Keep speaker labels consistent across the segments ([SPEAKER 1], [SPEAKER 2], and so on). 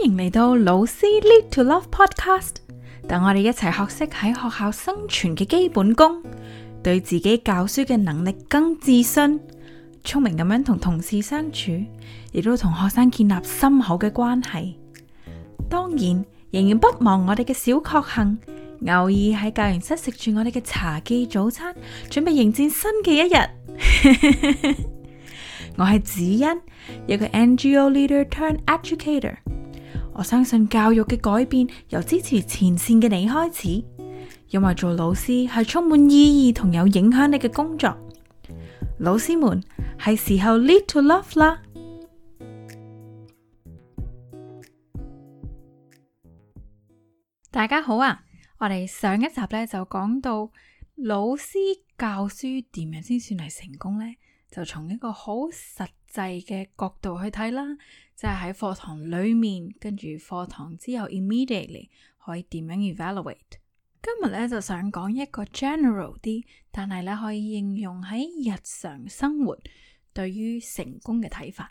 [SPEAKER 1] 歡迎嚟到老師 Lead to Love Podcast，等我哋一齊學識喺學校生存嘅基本功，對自己教書嘅能力更自信，聰明咁樣同同事相處，亦都同學生建立深厚嘅關係。當然仍然不忘我哋嘅小確幸，偶爾喺教員室食住我哋嘅茶記早餐，準備迎戰新嘅一日。 我係子欣，一個 NGO Leader Turn Educator。Educ 我相信教育嘅改變由支持前線嘅你開始，因為做老師係充滿意義同有影響力嘅工作。老師們係時候 lead to love 啦！大家好啊，我哋上一集呢就講到老師教書點樣先算係成功呢？就從一個好實際嘅角度去睇啦，就係喺課堂裏面跟住課堂之後 immediately 可以點樣 evaluate。今日咧就想講一個 general 啲，但係咧可以應用喺日常生活對於成功嘅睇法。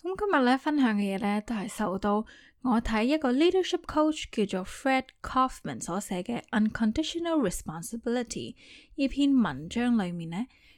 [SPEAKER 1] 咁今日咧分享嘅嘢咧都係受到我睇一個 leadership coach 叫做 Fred Kofman 所寫嘅《Unconditional Responsibility》呢篇文章裏面呢。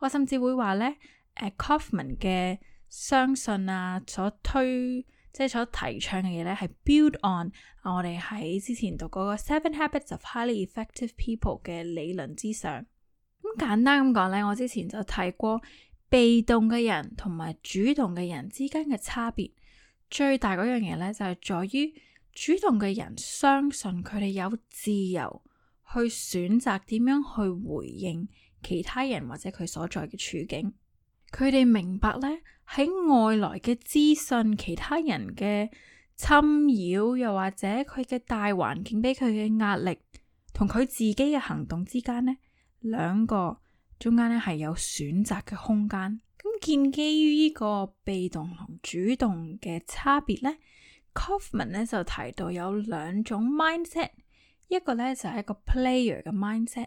[SPEAKER 1] 我甚至會話呢誒、呃、Kofman 嘅相信啊，所推即係所提倡嘅嘢呢，係 build on 我哋喺之前讀過個 Seven Habits of Highly Effective People 嘅理論之上。咁、嗯、簡單咁講呢，我之前就睇過，被動嘅人同埋主動嘅人之間嘅差別，最大嗰樣嘢呢，就係在於主動嘅人相信佢哋有自由去選擇點樣去回應。其他人或者佢所在嘅處境，佢哋明白呢，喺外來嘅資訊、其他人嘅侵擾，又或者佢嘅大環境俾佢嘅壓力，同佢自己嘅行動之間呢，兩個中間咧係有選擇嘅空間。咁建基於呢個被動同主動嘅差別呢，Kofman 咧就提到有兩種 mindset，一個呢就係一個 player 嘅 mindset。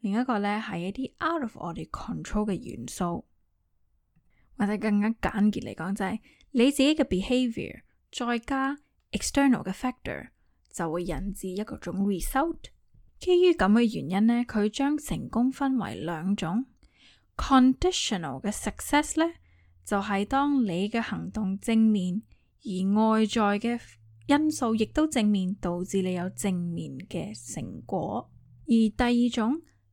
[SPEAKER 1] 另一個咧係一啲 out of 我哋 control 嘅元素，或者更加簡潔嚟講，就係你自己嘅 behavior，再加 external 嘅 factor，就會引致一個種 result。基於咁嘅原因呢佢將成功分為兩種：conditional 嘅 success 呢就係當你嘅行動正面，而外在嘅因素亦都正面，導致你有正面嘅成果；而第二種。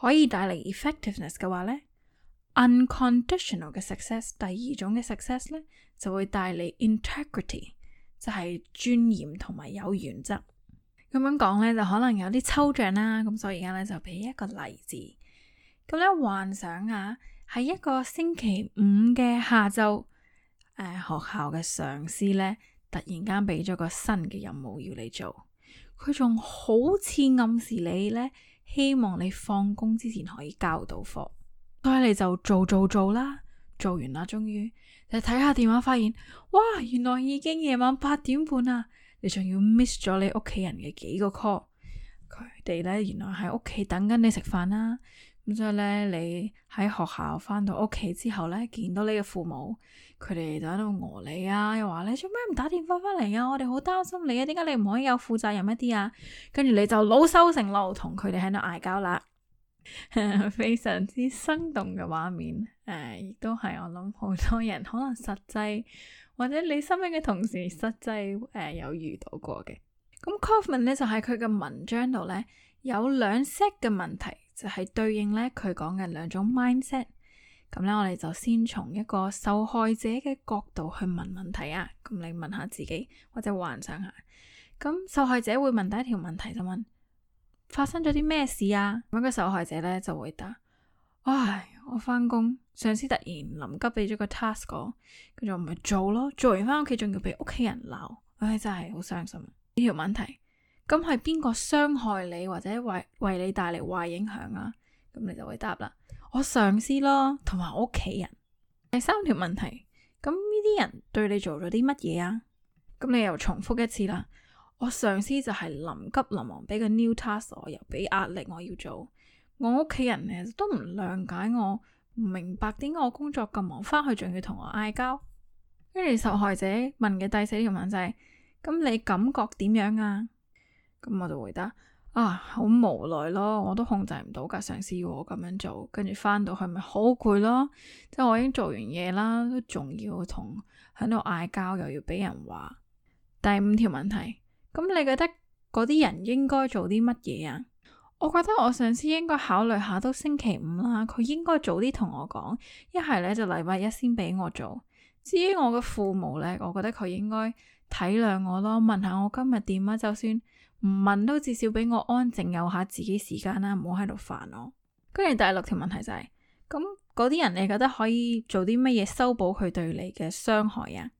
[SPEAKER 1] 可以帶嚟 effectiveness 嘅話咧，unconditional 嘅 success，第二種嘅 success 咧，就會帶嚟 integrity，就係尊嚴同埋有原則。咁樣講咧，就可能有啲抽象啦，咁所以而家咧就俾一個例子。咁咧，幻想啊，喺一個星期五嘅下晝，誒、呃、學校嘅上司咧，突然間俾咗個新嘅任務要你做，佢仲好似暗示你咧。希望你放工之前可以交到課，再嚟就做做做啦，做完啦，終於就睇下電話，發現哇，原來已經夜晚八點半啦，你仲要 miss 咗你屋企人嘅幾個 call，佢哋呢，原來喺屋企等緊你食飯啦。咁即係咧，你喺學校翻到屋企之後咧，見到你嘅父母，佢哋就喺度訛你啊，又話你做咩唔打電話翻嚟啊？我哋好擔心你啊，點解你唔可以有負責任一啲啊？跟住你就老羞成怒，同佢哋喺度嗌交啦，非常之生動嘅畫面。誒、啊，亦都係我諗，好多人可能實際或者你身邊嘅同事實際誒、呃、有遇到過嘅。咁 Kofman 咧就喺佢嘅文章度咧有兩 set 嘅問題。就係對應咧佢講嘅兩種 mindset，咁咧我哋就先從一個受害者嘅角度去問問題啊，咁你問下自己或者幻想下，咁受害者會問第一條問題就問，發生咗啲咩事啊？咁個受害者咧就會答，唉，我翻工，上司突然臨急俾咗個 task 我，跟住我咪做咯，做完翻屋企仲要俾屋企人鬧，唉，真係好傷心啊！呢條問題，咁係邊個傷害你或者為為你帶嚟壞影響啊？咁你就會答啦，我上司咯，同埋我屋企人。第三條問題，咁呢啲人對你做咗啲乜嘢啊？咁你又重複一次啦，我上司就係臨急臨忙俾個 new task 我，又俾壓力我要做。我屋企人咧都唔諒解我，唔明白點解我工作咁忙，翻去仲要同我嗌交。跟住受害者問嘅第四條問題就係，咁你感覺點樣啊？咁我就回答啊，好無奈咯，我都控制唔到噶，上司要我咁樣做，跟住翻到去咪好攰咯，即係我已經做完嘢啦，都仲要同喺度嗌交，又要俾人話。第五條問題，咁你覺得嗰啲人應該做啲乜嘢啊？我覺得我上司應該考慮下，都星期五啦，佢應該早啲同我講，一係咧就禮拜一先俾我做。至於我嘅父母咧，我覺得佢應該體諒我咯，問下我今日點啊？就算唔問都至少俾我安靜有下自己時間啦，唔好喺度煩我。跟住第六條問題就係咁，嗰啲人，你覺得可以做啲乜嘢修補佢對你嘅傷害啊？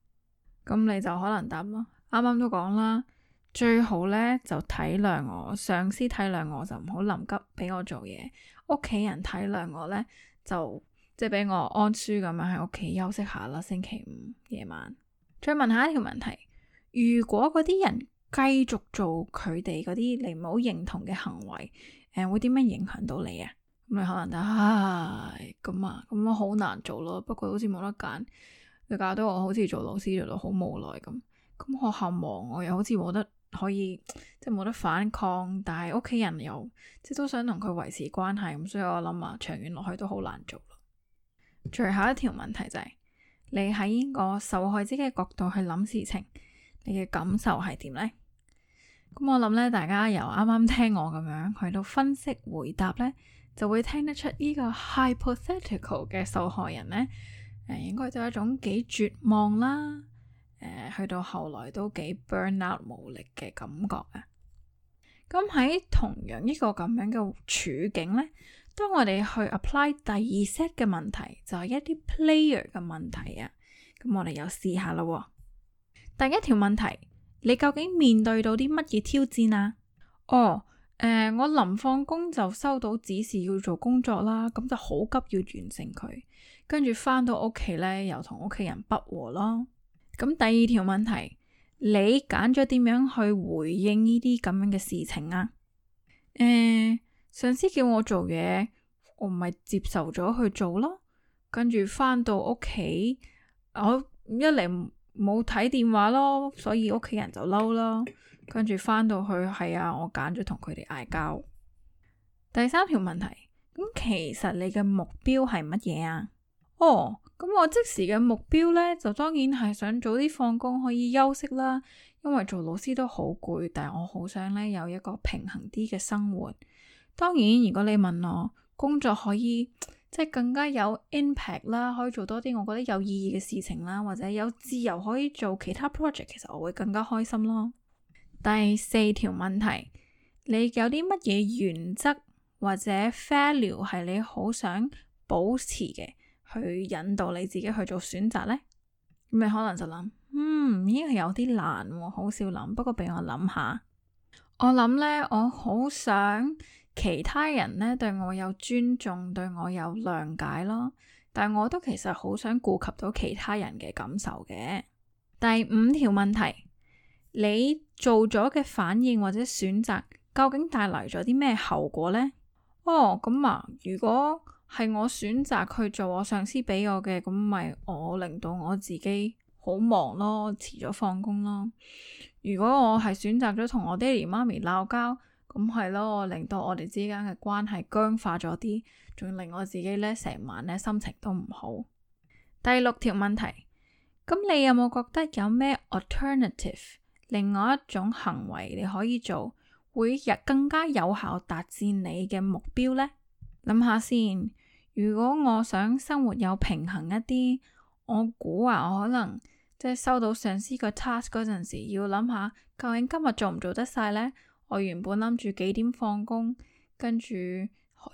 [SPEAKER 1] 咁你就可能答咯，啱啱都講啦，最好呢，就體諒我上司體諒我就唔好臨急俾我做嘢，屋企人體諒我呢，就即係俾我安舒咁樣喺屋企休息下啦。星期五夜晚再問下一條問題。如果嗰啲人繼續做佢哋嗰啲你唔好認同嘅行為，誒、呃，會點樣影響到你啊？咁你可能就唉咁啊，咁我好難做咯。不過好似冇得揀，又搞到我好似做老師做到好無奈咁。咁學校忙，我又好似冇得可以即係冇得反抗，但係屋企人又即係都想同佢維持關係，咁所以我諗啊，長遠落去都好難做咯。最後一條問題就係、是、你喺呢個受害者嘅角度去諗事情。你嘅感受係點呢？咁我諗咧，大家由啱啱聽我咁樣去到分析回答呢，就會聽得出呢個 hypothetical 嘅受害人呢，誒、呃，應該就係一種幾絕望啦、呃，去到後來都幾 burn out 無力嘅感覺啊。咁喺同樣一個咁樣嘅處境呢，當我哋去 apply 第二 set 嘅問題，就係、是、一啲 player 嘅問題啊。咁我哋又試下咯。第一條問題，你究竟面對到啲乜嘢挑戰啊？哦，誒、呃，我臨放工就收到指示要做工作啦，咁就好急要完成佢，跟住翻到屋企咧又同屋企人不和咯。咁、嗯、第二條問題，你揀咗點樣去回應呢啲咁樣嘅事情啊？誒、呃，上司叫我做嘢，我咪接受咗去做咯，跟住翻到屋企，我一嚟冇睇電話咯，所以屋企人就嬲咯。跟住翻到去，係啊，我揀咗同佢哋嗌交。第三條問題，咁其實你嘅目標係乜嘢啊？哦，咁我即時嘅目標呢，就當然係想早啲放工可以休息啦。因為做老師都好攰，但係我好想呢，有一個平衡啲嘅生活。當然，如果你問我，工作可以。即係更加有 impact 啦，可以做多啲我覺得有意義嘅事情啦，或者有自由可以做其他 project，其實我會更加開心咯。第四條問題，你有啲乜嘢原則或者 value 係你好想保持嘅，去引導你自己去做選擇呢？咁你可能就諗，嗯，呢、這個有啲難、哦，好少諗。不過俾我諗下，我諗呢，我好想。其他人咧對我有尊重，對我有諒解咯，但我都其實好想顧及到其他人嘅感受嘅。第五條問題，你做咗嘅反應或者選擇，究竟帶來咗啲咩後果呢？哦，咁、嗯、啊，如果係我選擇去做我上司俾我嘅，咁咪我令到我自己好忙咯，遲咗放工咯。如果我係選擇咗同我爹哋媽咪鬧交。咁係咯，令到我哋之間嘅關係僵化咗啲，仲令我自己呢成晚呢心情都唔好。第六條問題，咁你有冇覺得有咩 alternative？另外一種行為你可以做，會日更加有效達至你嘅目標呢？諗下先。如果我想生活有平衡一啲，我估啊，我可能即係、就是、收到上司個 task 嗰陣時，要諗下究竟今日做唔做得晒呢？我原本諗住幾點放工，跟住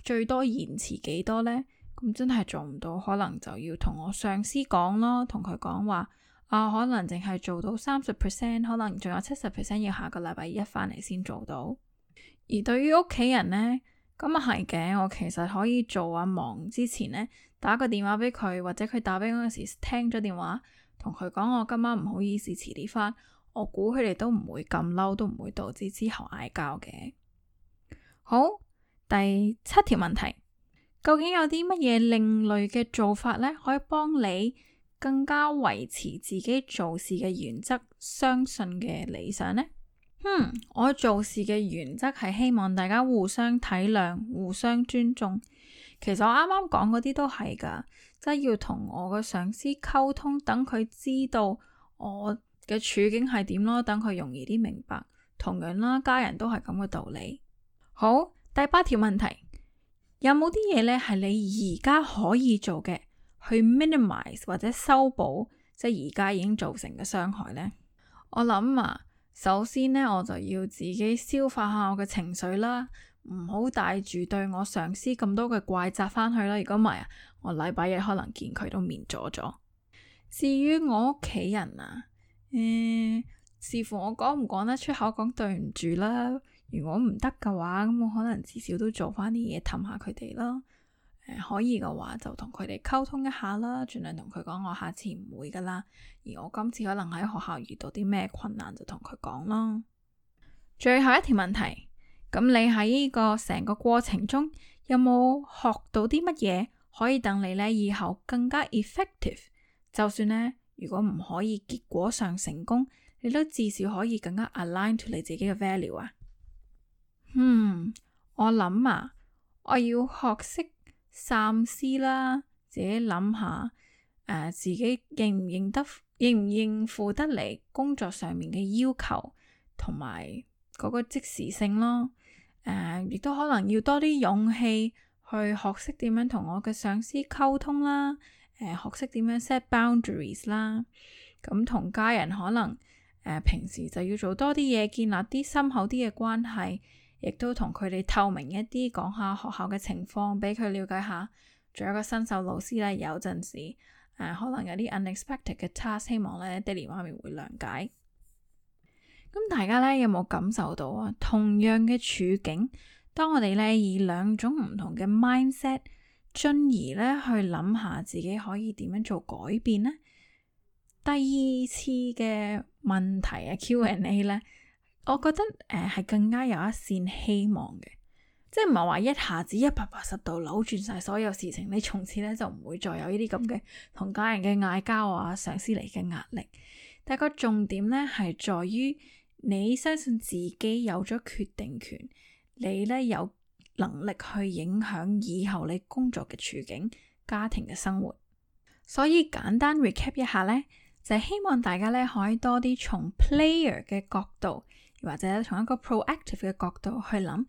[SPEAKER 1] 最多延遲幾多呢？咁真係做唔到，可能就要同我上司講咯，同佢講話，啊可能淨係做到三十 percent，可能仲有七十 percent 要下個禮拜一翻嚟先做到。而對於屋企人呢，咁啊係嘅，我其實可以做下忙之前呢，打個電話俾佢，或者佢打俾我嗰時聽咗電話，同佢講我今晚唔好意思遲啲翻。我估佢哋都唔會咁嬲，都唔會導致之後嗌交嘅。好，第七條問題，究竟有啲乜嘢另類嘅做法呢？可以幫你更加維持自己做事嘅原則、相信嘅理想呢？哼、嗯，我做事嘅原則係希望大家互相體諒、互相尊重。其實我啱啱講嗰啲都係噶，即係要同我嘅上司溝通，等佢知道我。嘅處境係點咯？等佢容易啲明白。同樣啦，家人都係咁嘅道理。好，第八條問題，有冇啲嘢，呢係你而家可以做嘅去 minimize 或者修補，即係而家已經造成嘅傷害呢？我諗啊，首先呢，我就要自己消化下我嘅情緒啦，唔好帶住對我上司咁多嘅怪責翻去啦。如果唔係啊，我禮拜日可能見佢都面左左。至於我屋企人啊。誒、嗯，視乎我講唔講得出口，講對唔住啦。如果唔得嘅話，咁我可能至少都做翻啲嘢氹下佢哋啦、嗯。可以嘅話就同佢哋溝通一下啦，盡量同佢講我下次唔會噶啦。而我今次可能喺學校遇到啲咩困難，就同佢講啦。最後一條問題，咁你喺呢個成個過程中有冇學到啲乜嘢，可以等你呢？以後更加 effective？就算呢。如果唔可以，結果上成功，你都至少可以更加 align to 你自己嘅 value 啊。嗯，我諗啊，我要學識三思啦，自己諗下，誒、呃，自己認唔認得，應唔應付得嚟，工作上面嘅要求，同埋嗰個即時性咯。誒、呃，亦都可能要多啲勇氣去學識點樣同我嘅上司溝通啦。誒，學識點樣 set boundaries 啦，咁同家人可能誒、呃、平時就要做多啲嘢，建立啲深厚啲嘅關係，亦都同佢哋透明一啲，講下學校嘅情況俾佢了解下。仲有一個新手老師咧，有陣時誒可能有啲 unexpected 嘅 task，希望咧爹哋媽咪會諒解。咁大家咧有冇感受到啊？同樣嘅處境，當我哋咧以兩種唔同嘅 mindset。進而咧去諗下自己可以點樣做改變呢？第二次嘅問題啊，Q&A 呢，Q、A, 我覺得誒係、呃、更加有一線希望嘅，即係唔係話一下子一百八十度扭轉晒所有事情，你從此咧就唔會再有呢啲咁嘅同家人嘅嗌交啊、上司嚟嘅壓力。但個重點呢係在於你相信自己有咗決定權，你呢有。能力去影響以後你工作嘅處境、家庭嘅生活，所以簡單 recap 一下呢，就係希望大家咧可以多啲從 player 嘅角度，或者從一個 proactive 嘅角度去諗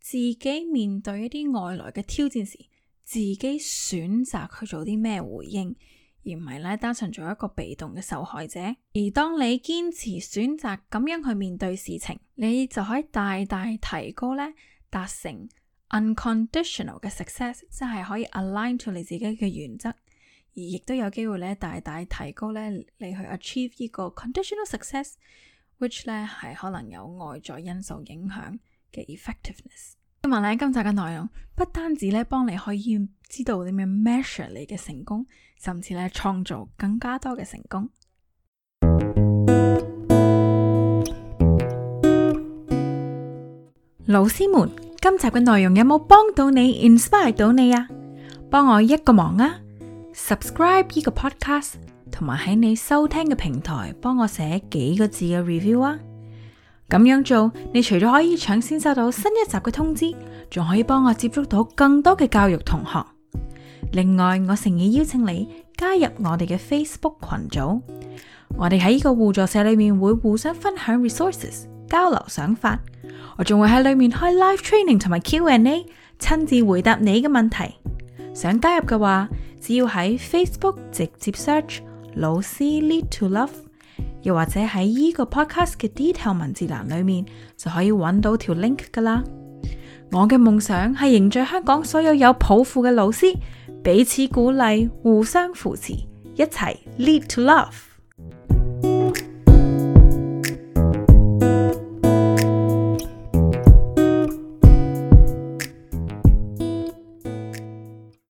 [SPEAKER 1] 自己面對一啲外來嘅挑戰時，自己選擇去做啲咩回應，而唔係咧單純做一個被動嘅受害者。而當你堅持選擇咁樣去面對事情，你就可以大大提高咧達成。unconditional 嘅 success 即係可以 align to 你自己嘅原則，而亦都有機會咧大大提高咧你去 achieve 呢個 conditional success，which 咧係可能有外在因素影響嘅 effectiveness。咁啊，咧今集嘅內容不單止咧幫你可以知道點樣 measure 你嘅成功，甚至咧創造更加多嘅成功。老師們。今集嘅內容有冇幫到你，inspire 到你啊？幫我一個忙啊！subscribe 呢個 podcast，同埋喺你收聽嘅平台幫我寫幾個字嘅 review 啊！咁樣做，你除咗可以搶先收到新一集嘅通知，仲可以幫我接觸到更多嘅教育同學。另外，我誠意邀請你加入我哋嘅 Facebook 群組，我哋喺呢個互助社裏面會互相分享 resources，交流想法。我仲會喺裏面開 live training 同埋 Q&A，親自回答你嘅問題。想加入嘅話，只要喺 Facebook 直接 search 老師 lead to love，又或者喺呢個 podcast 嘅 detail 文字欄裏面就可以揾到條 link 㗎喇。我嘅夢想係凝聚香港所有有抱負嘅老師，彼此鼓勵，互相扶持，一齊 lead to love。